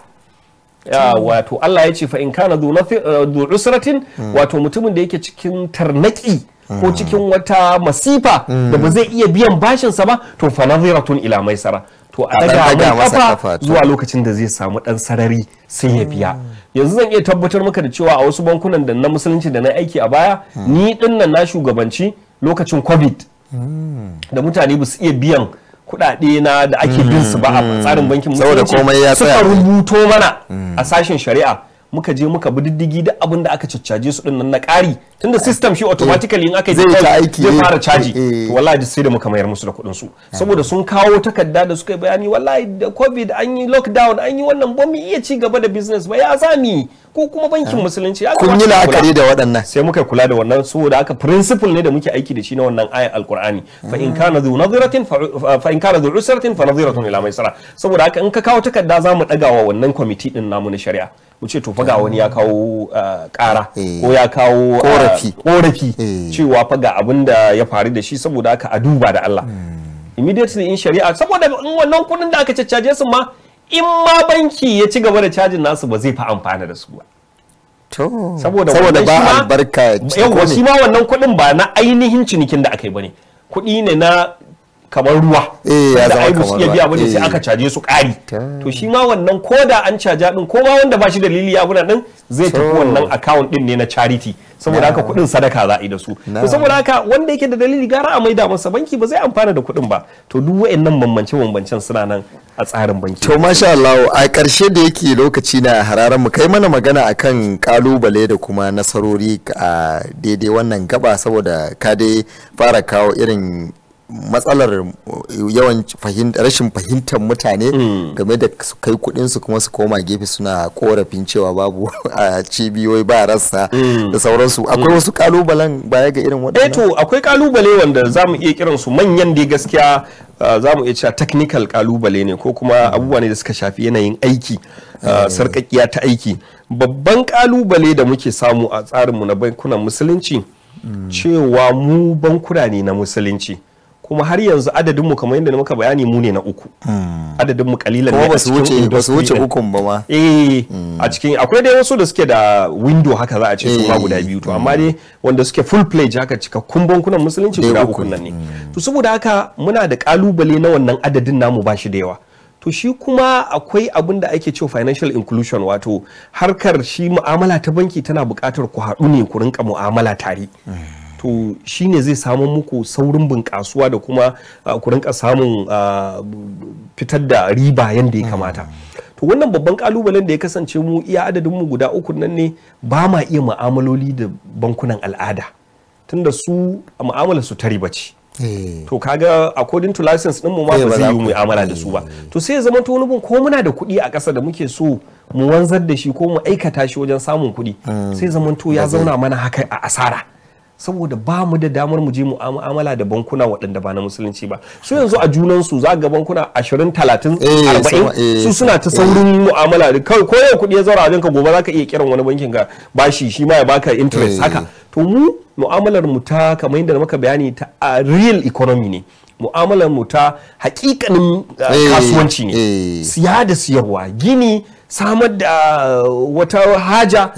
wato Allah ya ce fa in kana dhu usratin hmm. wato mutumin da yake cikin tarnaki ko ah. cikin wata masifa mm. da ba zai iya biyan bashinsa ba to fanaziratun ila maisara to a daga mai kafa zuwa lokacin da zai samu dan sarari sai ya biya mm. yanzu zan iya tabbatar maka da cewa a wasu bankunan da na musulunci da na aiki a baya mm. ni dinnan na shugabanci lokacin covid da mutane ba su iya biyan kuɗaɗe na da ake bin su ba a tsarin bankin musulunci Saboda komai ya tsaya. suka rubuto mana a sashen shari'a muka je muka bi diddigi duk abin da aka caccaje su nan na ƙari tunda system shi automatically in aka yi aiki zai eh, fara caji eh, eh. to wallahi sai da muka mayar musu da kuɗin su saboda sun kawo takarda da suka yi bayani wallahi da covid an yi lockdown an yi wannan ba mu iya ci gaba da business ba ya sami ko kuma bankin eh. musulunci kun yi la'akari da waɗannan sai muka kula da wannan saboda aka principle ne da muke aiki da shi na wannan ayar alqur'ani fa in mm. kana zu nadiratin fa in kana zu usratin fa nadiratun ila maisara saboda haka in ka kawo takarda zamu daga wa wannan committee din namu na shari'a mu ce to fa ga mm. wani ya kawo eh, ƙara eh. ko ya kawo korafi korafi cewa fa ga abin da ya faru da shi saboda haka a duba da Allah mm. immediately in shari'a saboda in wannan kudin da aka caccaje su ma in ma banki ya ci gaba da cajin nasu ba zai fi amfana da su ba saboda ba albarka shi ma wannan kuɗin ba na ainihin cinikin da aka yi ba ne. kuɗi ne na kamar ruwa eh, da aibu iya biya bane sai eh. aka caje su ƙari to shi ma wannan ko da an caja din ko ma wanda ba shi da lili abuna din zai tafi wannan account din ne na charity saboda haka kuɗin sadaka za a yi da su to saboda haka wanda yake da dalili gara a maida masa banki ba zai amfana da kuɗin ba to duk wayannan bambance bambancen suna nan a tsarin banki to masha Allah a ƙarshe da yake lokaci na hararan mu kai mana magana akan kalubale da kuma nasarori a daidai wannan gaba saboda ka dai fara kawo irin matsalar yawan rashin fahimtar mutane mm. game da su kai kudin su kuma su koma gefe suna korafin cewa babu a cibiyoyi ba rassa mm. da sauransu akwai mm. wasu kalubalen baya ga irin waɗannan eh to akwai kalubale wanda za mu iya kiran su manyan da gaskiya uh, za mu iya cewa technical kalubale ne ko kuma abubuwa ne da suka shafi yanayin aiki uh, eh. sarkakiya ta aiki babban kalubale da muke samu a tsarinmu na bankunan musulunci cewa mu bankuna ne na musulunci kuma har yanzu adadinmu kamar yadda muka bayani mu ne na uku hmm. Adadinmu kalilan ne a cikin ba su wuce ukun ba ma eh hmm. a cikin akwai dai wasu da suke da window haka za a ce su ma eh. guda biyu to amma hmm. dai wanda suke full pledge haka cikakkun bankunan musulunci guda uku nan ne to saboda haka muna da kalubale na wannan adadin namu ba shi da yawa to shi kuma akwai abin da ake cewa financial inclusion wato harkar shi mu'amala ta banki tana buƙatar ku haɗu ne ku rinka mu'amala tare to ne zai samu muku saurin bunƙasuwa da kuma ku rinka samun fitar da riba yadda ya mm. kamata to wannan babban kalubalen da ya kasance mu iya adadin mu guda uku nan ne ba ma iya mu'amaloli da bankunan al'ada tunda su a mu'amalar su ta riba ce eh. to kaga according to license din mu ma eh, ba zai yi mu'amala da su ba eh. to sai ya zama to wani ko muna da kuɗi a ƙasa da muke so mu wanzar da shi ko mu aikata shi wajen samun kuɗi mm. sai zama ya zauna mana haka a asara saboda ba mu da damar mu je mu'amala da bankuna waɗanda ba na musulunci ba su yanzu a junansu su za ga bankuna 20 30 40 su suna ta eh. saurin mu'amala da kai ko yau kuɗi ya zaura abin ka gobe za ka iya kiran wani bankin ka bashi shi ma ya baka interest eh. haka to mu mu'amalar mu ta kamar yadda maka bayani ta a real economy ne mu'amalar mu ta hakikanin eh, kasuwanci ne siya da siyarwa gini samar da wata haja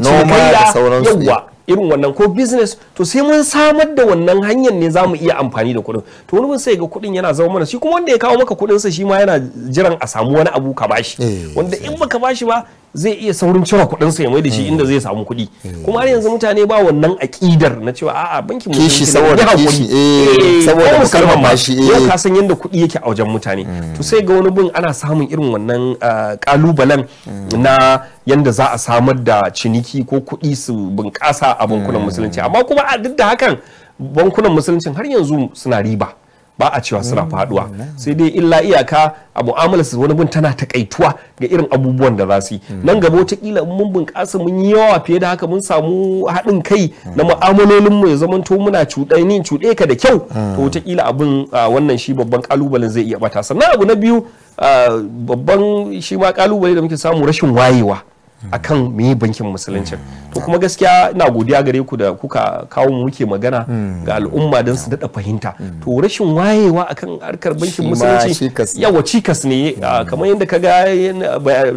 cinikayya yawwa irin wannan ko business to sai mun samar da wannan hanyar ne za mu iya amfani da kuɗin to wani sai ga kuɗin yana zama mana shi kuma wanda ya kawo maka kuɗinsa shi ma yana jiran a samu wani abu ka bashi eh, wanda in baka bashi ba zai iya saurin cire kuɗinsa ya mai da shi mm. inda zai samu kuɗi mm. kuma har yanzu mutane ba wannan aƙidar na cewa a'a bankin musulunci saboda kishi eh, eh, saboda musamman ba shi yau eh. ka yadda kuɗi yake a wajen mutane mm. to sai ga wani bin ana samun irin wannan ah, ƙalubalen na yadda za a samar da ciniki ko kuɗi su bunƙasa a bankunan musulunci amma kuma duk da hakan bankunan musulunci har yanzu suna riba ba a cewa suna mm, faduwa mm, mm. sai dai illa iyaka a mu'amalar su wani bin tana takaituwa ga irin abubuwan da za su yi nan gaba wataƙila mun bunƙasa mun yi yawa fiye da haka mun samu haɗin kai na mu'amalolin mu ya zamanto muna cuɗani cuɗe ka da kyau to wataƙila abin wannan shi babban kalubalen zai iya bata sannan abu na biyu babban shi ma kalubale da muke samu rashin wayewa akan me bankin musuluncin to kuma gaskiya ina godiya gare ku da kuka kawo mu muke magana mm. ga al'umma don su daɗa fahimta mm. to rashin wayewa akan harkar bankin musulunci yawa cikas ne mm. ah, kamar yadda ka ga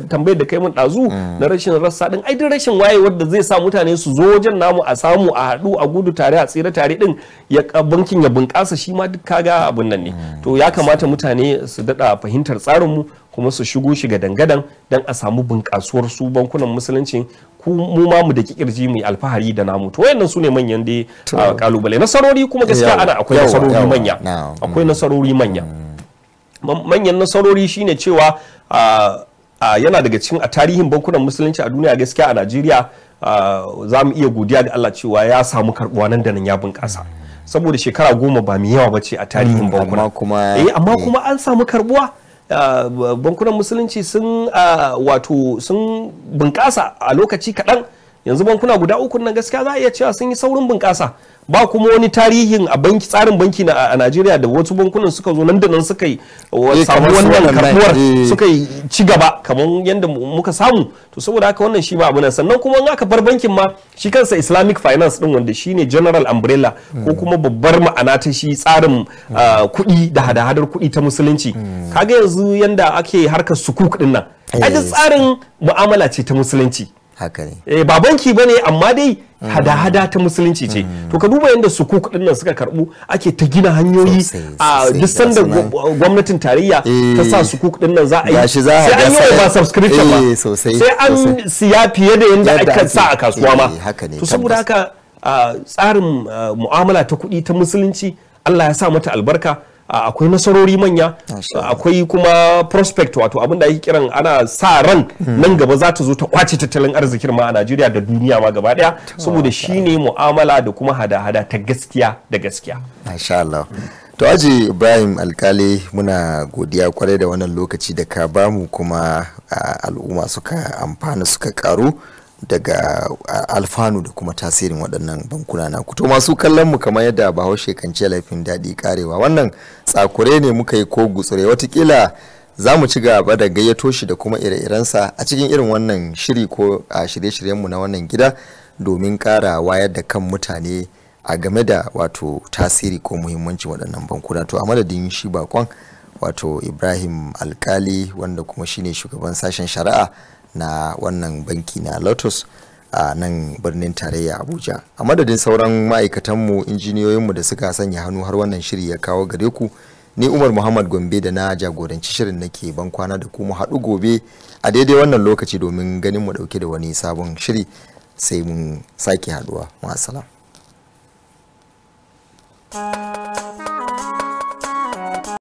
tambayar da kai mun ɗazu. na rashin rassa ɗin. ai rashin wayewar da zai sa mutane su zo wajen namu a samu a haɗu a gudu tare a tsira tare ɗin. ya bankin ya bunƙasa shi ma duk ga abun nan ne to ya kamata mutane su daɗa fahimtar tsarin mu kuma su shigo shi ga dangadan don a samu bunƙasuwar su bankunan musulunci mu ma mu da kirji mai alfahari da namu to wayannan su ne manyan dai kalubale nasarori kuma gaskiya ana akwai nasarori manya akwai nasarori mm. manya manyan nasarori shine cewa yana daga cikin a tarihin bankunan musulunci a duniya gaskiya a Najeriya za mu iya godiya ga Allah cewa ya samu karbuwa nan da nan ya bunƙasa mm. saboda shekara goma ba mu yawa bace a tarihin mm, bankuna amma eh, eh. kuma an samu karbuwa Ah, bankunan musulunci sun ah, wato sun bunƙasa a lokaci kaɗan yanzu bankuna guda uku na gaskiya za a iya cewa sun yi saurin bunƙasa ba kuma wani tarihin a banki tsarin banki na a Najeriya da wasu bankunan suka zo nan da nan suka yi eh, samu wannan karbuwar eh. suka yi ci gaba kamar yadda muka samu to saboda haka wannan shi ba abu nan sannan kuma in aka bar bankin ma shi kansa Islamic finance din wanda ne general umbrella ko hmm. kuma babbar ma'ana ta shi tsarin hmm. ah, kuɗi da hada-hadar kuɗi ta musulunci hmm. kaga yanzu yanda ake harkar sukuk din nan eh. tsarin mu'amala ce ta musulunci haka ne eh ba banki bane amma dai hada-hada ta musulunci ce to ka duba yadda suku kudin nan suka karbu ake ta gina hanyoyi a duk sanda gwamnatin tarayya ta eh. sa suku kudin nan za a yi sai an yi ba subscription ba eh, sai an siya fiye da yadda aka sa a kasuwa ma eh, to saboda haka tsarin mu'amala ta kuɗi ta musulunci Allah ya sa mata albarka akwai nasarori manya akwai kuma prospect wato abin da ake kiran ana sa ran hmm. nan gaba za ta zo ta kwace tattalin arzikin ma a Najeriya da duniya ma gaba daya saboda shine mu'amala da kuma hada-hada ta gaskiya da gaskiya insha Allah to aji Ibrahim alkali muna godiya kwarai da wannan lokaci da ka bamu kuma al'umma suka amfana suka karu daga alfanu da kuma tasirin waɗannan bankuna na to masu kallon mu kamar yadda bahaushe kan ce laifin daɗi karewa wannan tsakure ne muka yi ko gutsure watakila za mu ci gaba da gayyato shi da kuma ire-irensa a cikin irin wannan shiri ko a shirye-shiryenmu na wannan gida domin ƙara wayar da kan mutane a game da wato tasiri ko muhimmancin waɗannan bankuna to a madadin shi bakon wato ibrahim alkali wanda kuma shine shugaban sashen shari'a na wannan banki na lotus a nan birnin tarayya abuja a madadin sauran ma'aikatanmu injiniyoyinmu da suka sanya hannu har wannan shiri ya kawo gare ku ni umar muhammad gombe da na jagoranci shirin nake ban kwana da kuma haɗu gobe a daidai wannan lokaci domin ganin mu ɗauke da wani sabon shiri sai mun sake haɗuwa ma'asala.